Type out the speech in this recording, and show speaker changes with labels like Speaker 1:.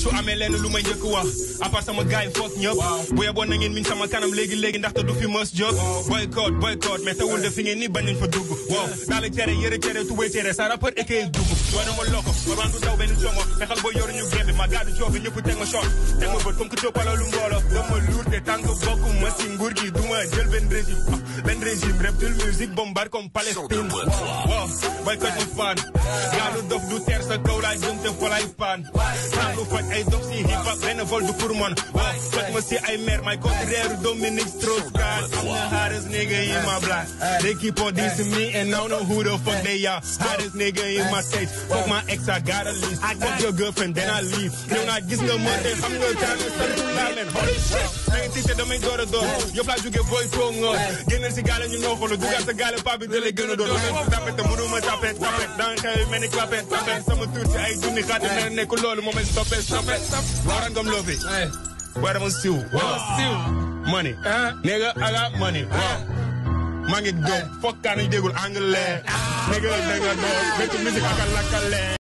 Speaker 1: su amee lenn lu may njëkk wax à part sama gars yi ñëpp bu yeboon na ngeen miñ sama kanam léegi léegi ndaxte du fi mës jóg boycott boycott mais tawul de fi ngeen ni bañ nañ fa dugg waaw daal cere yëre cere tubay cere sa rapport ékey dugg wane ma loko babaan du daw benn jongo fexal boo yoruñu gembe ma gaadu coobi ñëpp teg ma shot teg ma bët comme que coppalalu mbooloo dama luur tànk bokk ma si nguur gi duma jël benn régime ah, benn régime reptile musique bombarde comme Palestine boycott mu fan gaalu dof du ter să căurai zântem pe la ifan Sam nu fac ai doxi hip hop ai nevoie de curmon Tot mă si ai mer mai contrariu Dominic Strauss-Kahn am the hottest nigga in my block They keep on dissing me and don't know who the fuck they are Hottest nigga in my state Fuck my ex I gotta leave Fuck your girlfriend then I leave Leonard gis nga mă te xam nga taamu sëntu laamen Holy shit tiit te damay door a door yëpp laa jóge booy foo ngoor génnal si gaale ñu nooxalu dugal sa gaale paa bi da lay gën a door mel si tapet te mënuma tapet tapet danga xew mel ni clapet tapet sama tuur nekk loolu moom ay stoppe stoppe waran gom loofi booy dama siw siw money maa ngi doom fokkaan ñu lakkale